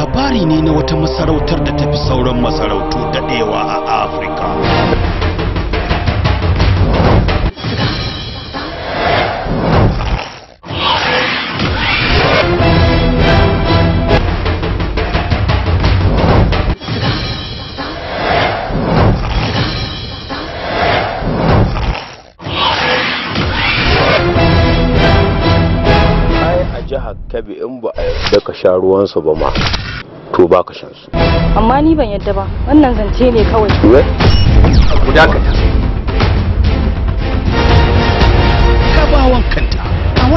labari ne na wata masarautar da tafi sauran masarautu daɗewa a afirka jihar kabi in ba a yarda ka sha ruwansu ba ma to ba ka shan amma ni ban yadda ba wannan zance ne kawai ku dakata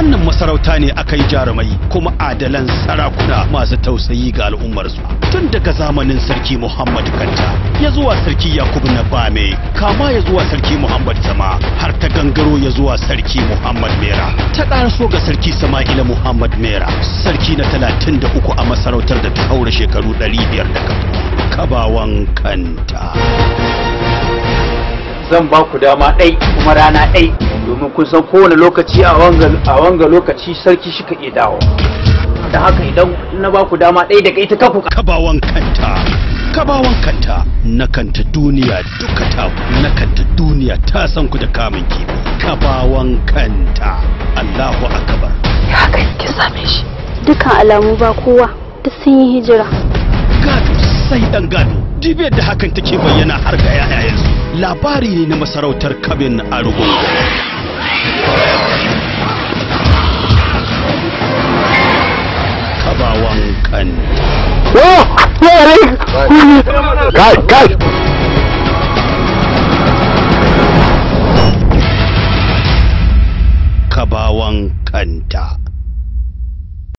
wannan masarauta ne aka yi jarumai kuma adalan sarakuna masu tausayi ga al'ummarsu tun daga zamanin sarki muhammad kanta ya zuwa sarki yakubu na bame kama ya zuwa sarki muhammad zama har ta gangaro ya zuwa sarki muhammad mera ta ƙaraso ga sarki sama'ila muhammad mera sarki na talatin da uku a masarautar da ta haura shekaru ɗari biyar da kabawan kanta zan ba ku dama ɗai kuma rana ɗai domin kun san kowane lokaci a wanga lokaci sarki shi ka iya dawo da haka idan na ba ku dama ɗai daga ita kaku kabawan kanta kabawan kanta na kanta duniya duka ta na kanta duniya ta san ku da kamun kifi kabawan kanta Allahu akbar ya kai ki same shi dukan alamu ba kowa duk sun yi hijira sai ɗan gano, dibiyar da hakan take bayyana har ga yanzu. labari ne na masarautar kabin arugungu kabawan kan Kabawan kanta.